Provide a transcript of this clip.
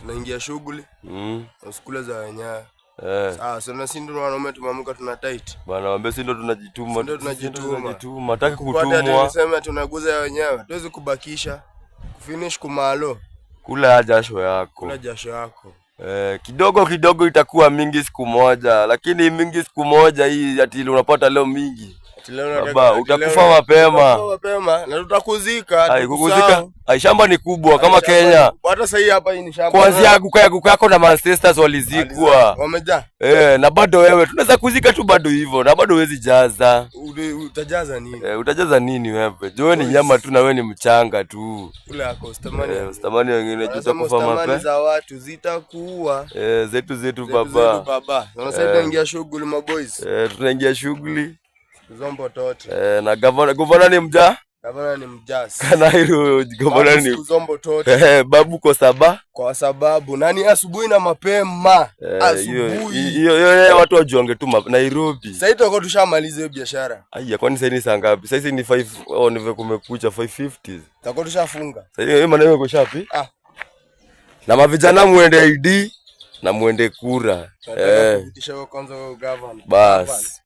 tunaingia shughuli mm. skula za wenyewe Eh. Sasa na si ndo wanaume tumeamka tuna tight. Bwana wambe si ndo tunajituma. Ndio tunajituma. Hataki kutumwa. Hata tunasema tunaguza wenyewe. Tuwezi kubakisha. Kufinish kumalo. Kula jasho yako. Kula jasho yako. Eh, kidogo kidogo itakuwa mingi siku moja, lakini mingi siku moja hii ati unapata leo mingi. Baba, utakufa mapema. na tutakuzika. Ai, Kukuzika. Ai, shamba ni kubwa kama Kenya. Hata sasa hii hapa hii ni shamba. Kuanzia kuku yako na Manchester walizikwa. Wameja. Eh, na bado wewe tunaweza kuzika tu bado hivyo na bado huwezi jaza. Utajaza nini? Eh, utajaza nini wewe? Joe ni nyama tu na wewe ni mchanga tu. Kule yako stamani. Eh, stamani wengine tutakufa mapema. Stamani za watu zitakuwa. Eh, zetu zetu baba. Zetu baba. Unasaidia ingia shughuli maboys. Eh, tunaingia shughuli. Zombo tote. Eh, na gavana gavana ni mja? Gavana ni mjas. Kana Kanairu gavana ni Zombo tote. Eh, eh babu kwa sababu kwa sababu nani asubuhi na mapema eh, asubuhi. Hiyo hiyo watu wajuange tu Nairobi. Sasa itakuwa tushamaliza hiyo biashara. Aya, kwani sasa ni saa ngapi? Sasa ni 5 au oh, niwe kumekucha 550. Itakuwa tushafunga. Sasa hiyo maneno yako shapi? Ah. Na mavijana muende ID na muende kura. Eh. Kwanza kwa Basi.